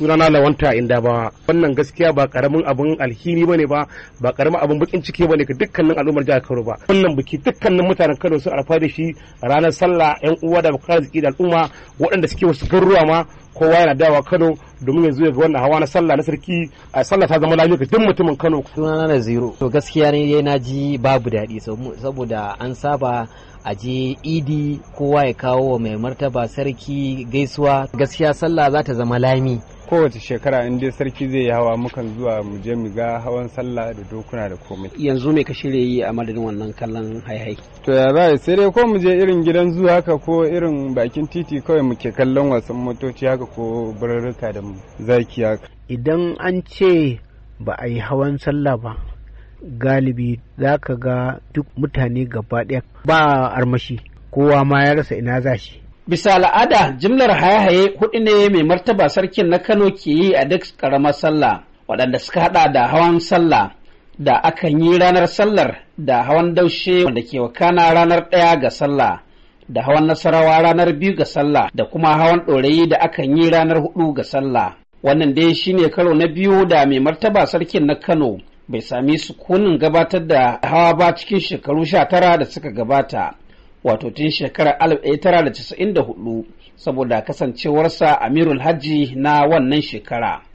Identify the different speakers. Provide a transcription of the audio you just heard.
Speaker 1: sunana lawanta inda ba wannan gaskiya ba karamin abun alhini bane ba ba karamin abun bakin ciki bane ga dukkanin al'ummar jihar Kano ba wannan biki dukkanin mutanen Kano sun arfa da shi ranar sallah yan uwa da arziki da al'umma waɗanda suke wasu garuruwa ma kowa yana dawa Kano domin yanzu ya ga wannan hawa na sallah na sarki a sallah ta zama lafiya
Speaker 2: duk mutumin Kano sunana na zero to gaskiya ne na ji babu daɗi saboda an saba a je idi kowa ya kawo wa mai martaba sarki gaisuwa gaskiya sallah za ta zama lami
Speaker 3: kowace shekara in dai sarki zai yi hawa mukan zuwa mu je mu ga hawan sallah da dokuna da komai yanzu me ka shirya yi a madadin
Speaker 4: wannan kallon
Speaker 3: haihai to ya za sai dai ko mu je irin gidan zuwa haka ko irin bakin titi kawai muke kallon wasan motoci haka ko birrika da zaki haka idan an ce ba a yi hawan sallah ba
Speaker 5: galibi za ka ga duk mutane gaba ɗaya ba armashi kowa ma ya
Speaker 4: rasa ina za shi Bisa al'ada jimlar haye-haye hudu ne mai martaba sarkin na Kano ke yi a duk ƙaramar sallah, waɗanda suka haɗa da hawan sallah da akan yi ranar sallar da hawan daushe wanda ke wakana ranar ɗaya ga sallah. da hawan nasarawa ranar biyu ga sallah da kuma hawan ɗorayi da akan yi ranar hudu ga sallah wannan dai shi ne karo na biyu da mai martaba sarkin na kano bai sami sukunin gabatar da hawa ba cikin shekaru sha tara da suka gabata wato tun shekarar 1994 saboda kasancewarsa amirul hajji na wannan shekara